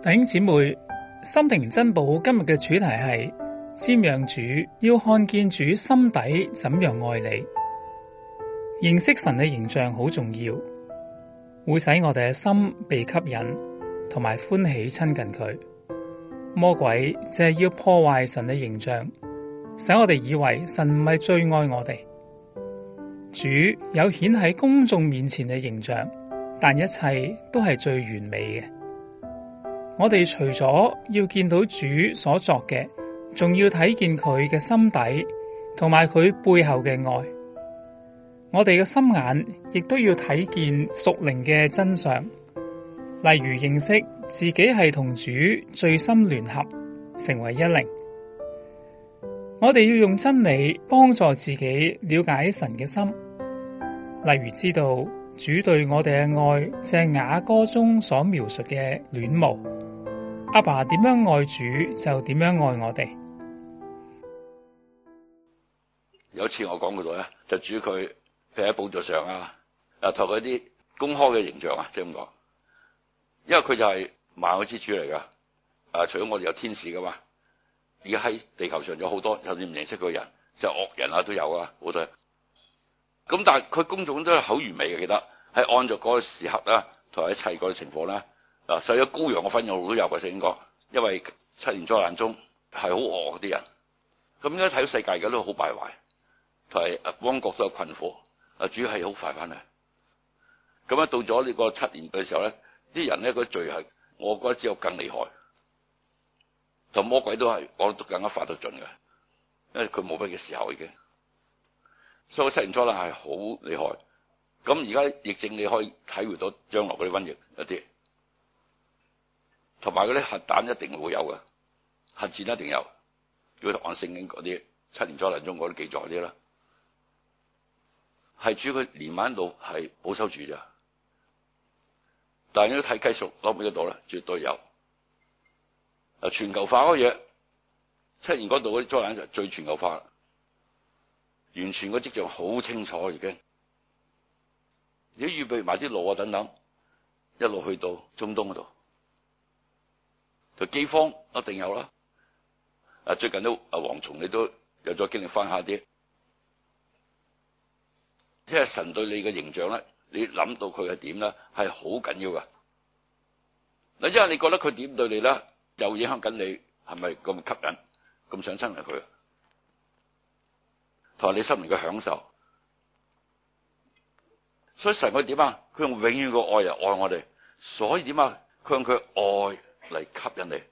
弟兄姊妹，心靈珍寶，今日嘅主題係：瞻仰主要看見主心底怎樣愛你？認識神嘅形象好重要，會使我哋嘅心被吸引，同埋歡喜親近佢。魔鬼就係要破壞神嘅形象，使我哋以為神唔係最愛我哋。主有顯喺公眾面前嘅形象，但一切都係最完美嘅。我哋除咗要見到主所作嘅，仲要睇見佢嘅心底，同埋佢背後嘅愛。我哋嘅心眼亦都要睇見屬靈嘅真相，例如認識自己係同主最深聯合，成為一靈。我哋要用真理幫助自己了解神嘅心，例如知道主對我哋嘅愛，係雅歌中所描述嘅戀慕。阿爸點樣愛主就點樣愛我哋。有一次我講嗰度咧，就主佢，譬如喺寶座上啊，啊，同佢啲公開嘅形象啊，即係咁講。因為佢就係萬惡之主嚟噶，啊，除咗我哋有天使噶嘛，而家喺地球上有好多，甚至唔認識嘅人，就係惡人啊都有啊好多。咁但係佢公眾都係好完美嘅，記得喺按着嗰個時刻啦，同埋一切嗰個情況啦。啊！受咗羔羊嘅訓養，都入嘅。應該因為七年災難中係好餓啲人，咁樣睇到世界而家都好敗壞，同埋阿邦國都有困苦。啊，主要係好快翻嚟。咁一到咗呢個七年嘅時候咧，啲人咧嗰罪行，我覺得只有更厲害，同魔鬼都係講得更加發得盡嘅，因為佢冇乜嘅時候已經。所以七年災難係好厲害。咁而家疫症，你可以體會到將來嗰啲瘟疫一啲。同埋嗰啲核彈一定會有嘅，核戰一定有。如果讀緊聖經嗰啲七年災難中我都記載嗰啲啦，係主佢連晚度係保守住咋，但係你都睇繼續攞邊一度咧，絕對有。嗱，全球化嗰樣七年嗰度嗰啲災難就最全球化啦，完全個跡象好清楚已經。你預備埋啲路啊等等，一路去到中東嗰度。就饑荒一定有啦。啊，最近都阿黃松，你都有再經歷翻下啲，即係神對你嘅形象咧，你諗到佢係點咧，係好緊要㗎。嗱，因為你覺得佢點對你咧，又影響緊你係咪咁吸引、咁想親近佢，同埋你心靈嘅享受。所以神佢點啊？佢用永遠嘅愛啊，愛我哋。所以點啊？佢用佢愛。嚟吸引你，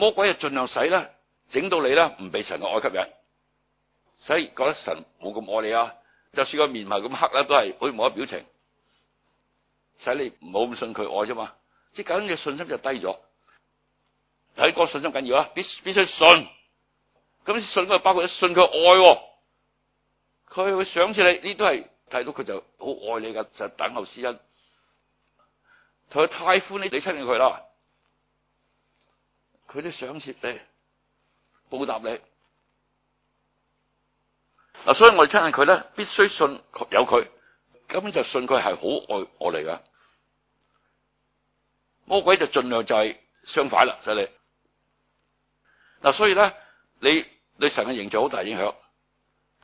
魔鬼就盡量使啦，整到你啦，唔俾神嘅愛吸引，所以覺得神冇咁愛你啊，就算個面係咁黑啦，都係好冇乜表情，使你唔好咁信佢愛啫嘛，即係根本嘅信心就低咗。睇個信心緊要啊，必必須信，咁信都包括信佢愛，佢會賞賜你，你都係睇到佢就好愛你噶，就是、等候施恩，佢太寬，你你親近佢啦。佢都想接你，報答你嗱，所以我哋信任佢咧，必須信有佢，根本就信佢係好愛我嚟㗎。魔鬼，就盡量就係相反啦，使你嗱，所以咧，你你神嘅形象好大影響，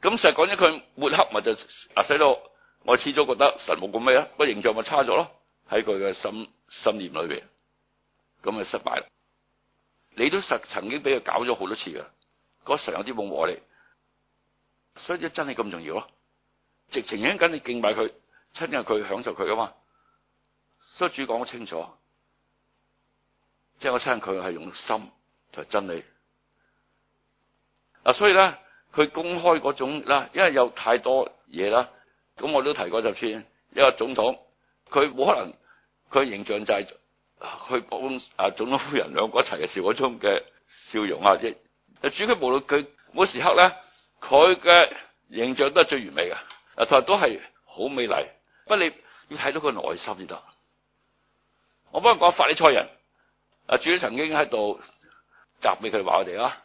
咁成日講咗佢抹黑咪就嗱，使到我始終覺得神冇咁樣，個形象咪差咗咯，喺佢嘅心心念裏邊，咁咪失敗啦。你都實曾經俾佢搞咗好多次嘅，嗰神有啲保我力，所以真係咁重要咯。直情影緊你敬拜佢，親近佢，享受佢噶嘛。所以主講清楚，即係我親近佢係用心同真理。嗱，所以咧，佢公開嗰種啦，因為有太多嘢啦，咁我都提過就算，一個總統，佢冇可能，佢形象就係。去保啊，總統夫人兩個一齊嘅時候嗰種嘅笑容啊！即啊，主佢無論佢冇時刻咧，佢嘅形象都係最完美嘅，啊同埋都係好美麗。不過，你要睇到佢內心先得。我幫你講法利賽人啊，主曾經喺度責備佢哋話我哋啦。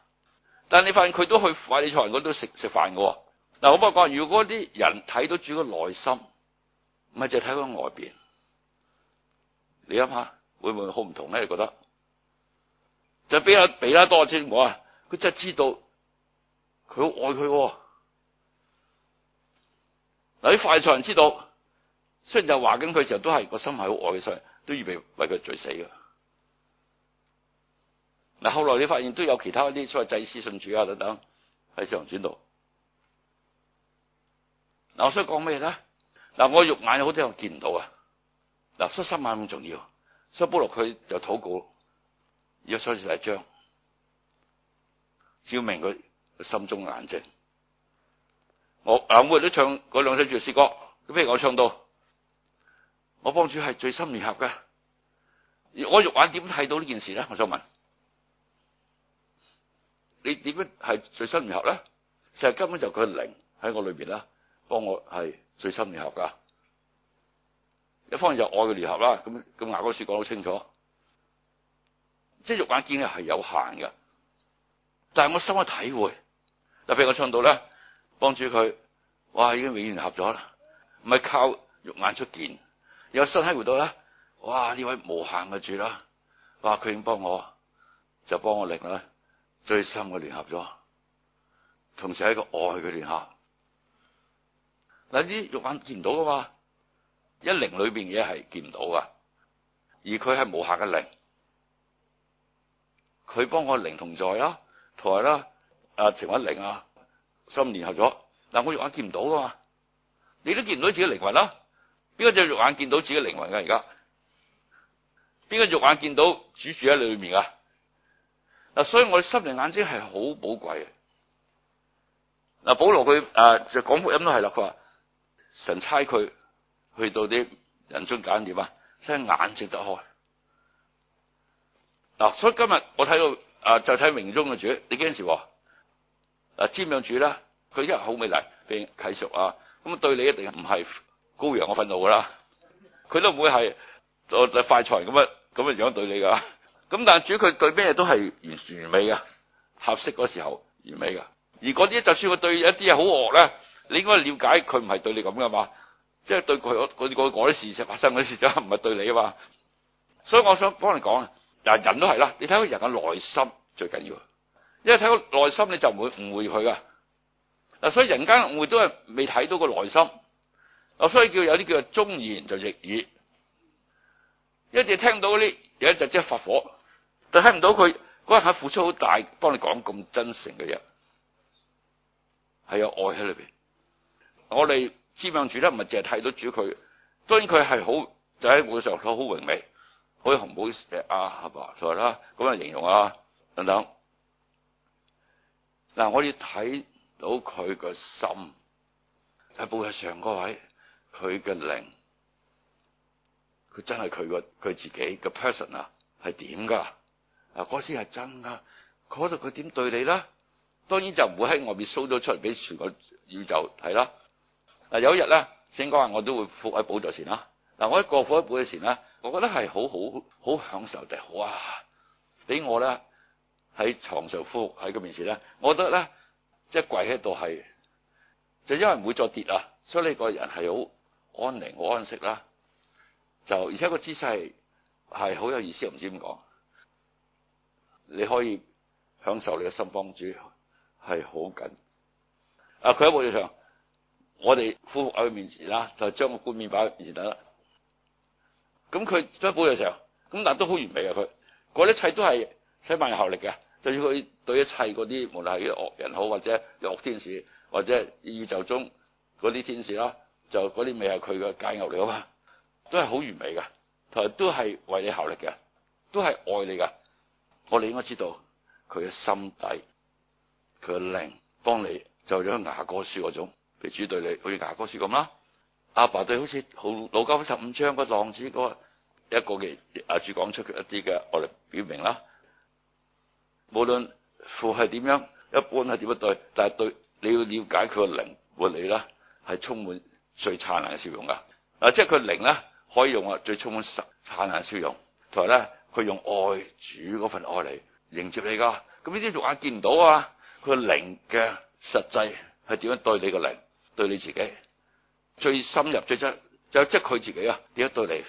但你發現佢都去法利賽人嗰度食食飯㗎喎。嗱，我幫你講，如果啲人睇到主嘅內心，唔係就睇佢外邊。你諗下？會唔會好唔同咧？你覺得就俾阿彼得多清楚啊！佢真係知道佢好愛佢。嗱，啲快財人知道，雖然就話緊佢嘅時候都係個心係好愛嘅，所以都預備為佢罪死㗎。嗱，後來你發現都有其他啲所謂祭司信主啊等等喺上轉度。嗱，我所以講咩咧？嗱，我肉眼好多嘢見唔到啊！嗱，所以心眼咁重要。收波落佢就禱告，以弗所書一章，照明佢心中眼睛。我啊，我每日都唱嗰兩首主耶穌歌，譬如我唱到，我幫主係最深聯合嘅。而我肉眼點睇到呢件事咧？我想問，你點樣係最深聯合咧？成日根本就佢靈喺我裏邊啦，幫我係最深聯合噶。一方面就愛嘅聯合啦，咁咁牙哥説講得好清楚，即係肉眼見嘅係有限嘅，但係我深嘅體會，特別我唱到咧，幫住佢，哇已經永遠聯合咗啦，唔係靠肉眼出見，有身體回到咧，哇呢位無限嘅主啦，哇佢已經幫我，就幫我令啦，最深嘅聯合咗，同時係一個愛嘅聯合，嗱呢啲肉眼見唔到㗎嘛。一靈裏邊嘢係見唔到噶，而佢係無限嘅靈，佢幫我靈同在咯，同埋啦，啊靈魂靈啊，心聯合咗，但我肉眼見唔到噶嘛，你都見唔到自己靈魂啦，邊個隻肉眼見到自己靈魂噶而家？邊個肉眼見到主住喺裏面㗎？所以我哋心靈眼睛係好寶貴嘅。嗱，保羅佢誒就講福音都係啦，佢話神差佢。去到啲人中簡碟啊，真係眼睛得開嗱、啊。所以今日我睇到啊，就睇明中嘅主，你驚時嗱，瞻仰主啦，佢一好美麗，俾啟示啊。咁、啊、對你一定唔係高揚我憤怒噶啦，佢都唔會係快財咁啊咁啊樣對你噶。咁、啊、但係主佢對咩都係完全完美㗎，合適嗰時候完美噶。而嗰啲就算佢對一啲嘢好惡咧，你應該了解佢唔係對你咁噶嘛。即係對佢我啲事情發生嗰啲事係唔係對你啊嘛，所以我想幫你講啊，嗱人，人都係啦，你睇到人嘅內心最緊要，因為睇到內心你就唔會誤會佢噶，所以人間誤會都係未睇到個內心，所以有叫有啲叫忠言就逆耳，一直聽到嗰啲有一陣即係發火，但睇唔到佢嗰一刻付出好大，幫你講咁真誠嘅嘢，係有愛喺裏邊，我哋。瞻仰主咧，唔係淨係睇到主佢，當然佢係好，就喺寶座上佢好榮美，好似紅寶石啊，係、啊、咪？咁啊，噉樣形容啊等等。嗱，我要睇到佢個心喺寶座上嗰位，佢嘅靈，佢真係佢個佢自己個 person 啊，係點噶？啊嗰時係真噶，嗰度佢點對你啦？當然就唔會喺外面 show 咗出嚟俾全個宇宙睇啦。嗱，有一日咧，先講話我都會伏喺寶座前啦。嗱，我一過伏喺寶座前咧，我覺得係好好好享受好啊，俾我咧喺床上伏喺個面前咧，我覺得咧即係跪喺度係，就因為唔會再跌啊，所以呢個人係好安寧、好安息啦。就而且個姿勢係好有意思，唔知點講。你可以享受你嘅心幫主係好緊。啊，佢喺寶座上。我哋伏喺佢面前啦，就將個冠冕擺喺面前得啦。咁佢修保嘅時候，咁但都好完美啊！佢嗰一切都係使萬有效力嘅。就算佢對一切嗰啲，無論係惡人好，或者惡天使，或者宇宙中嗰啲天使啦，就嗰啲未係佢嘅解牛嚟啊嘛，都係好完美㗎，同埋都係為你效力嘅，都係愛你噶。我哋應該知道佢嘅心底，佢嘅靈幫你就咗雅歌書嗰種。比如主對你好似牙哥說咁啦，阿爸，爸對好似好老九十五章個浪子個一個嘅阿主講出一啲嘅愛嚟表明啦。無論父係點樣，一般係點樣對，但係對你要了解佢個靈活你啦，係充滿最燦爛嘅笑容噶、啊。即係佢靈咧，可以用啊最充滿燦爛嘅笑容，同埋咧佢用愛主嗰份愛嚟迎接你噶。咁呢啲肉眼見唔到啊，佢個靈嘅實際係點樣對你個靈？對你自己最深入最真，就即係佢自己啊！點解對你？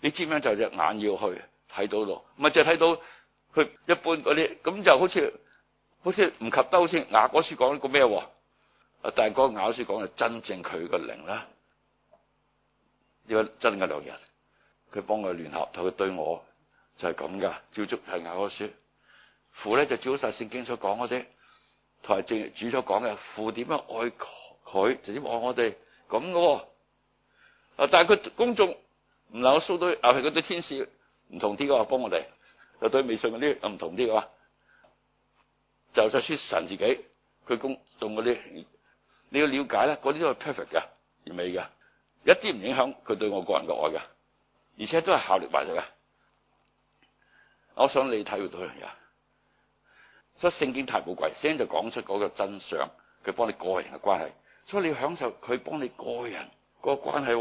你知唔知就只眼要去睇到咯，咪就睇到佢一般嗰啲，咁就好似好似唔及得好似。雅各書講講個咩？啊，但係嗰個雅各書講嘅真正佢個靈啦，呢、呢個真嘅良人，佢幫佢聯合同佢對我就係咁噶。照足係雅各書，符咧就照實聖經所講嗰啲。同埋主所講嘅父點樣愛佢，點樣愛我哋咁嘅喎？啊！但係佢公眾唔能夠收到，但係嗰啲天使唔同啲嘅話幫我哋，就對未信嗰啲又唔同啲嘅話，就就突出神自己佢公眾嗰啲，你要了解咧，嗰啲都係 perfect 嘅完美嘅，一啲唔影響佢對我個人嘅愛㗎，而且都係效力埋成嘅。我想你體會到樣嘢。所以聖經太寶貴，聖經就講出嗰個真相，佢幫你個人嘅關係，所以你要享受佢幫你個人個關係。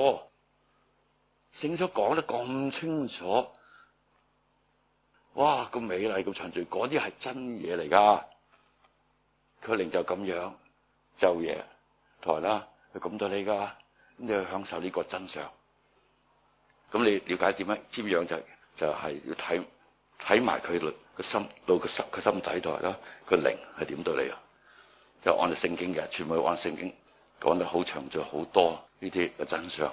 聖經講得咁清楚，哇！咁美麗、咁長壽，嗰啲係真嘢嚟噶。佢靈就咁樣，晝夜台啦，佢咁對你噶，咁你要享受呢個真相。咁你瞭解點樣？點樣就就係要睇。睇埋佢個心到佢個心底度咯，個靈係點對你啊？就按照聖經嘅，全部按聖經講得好詳盡，好多呢啲嘅真相。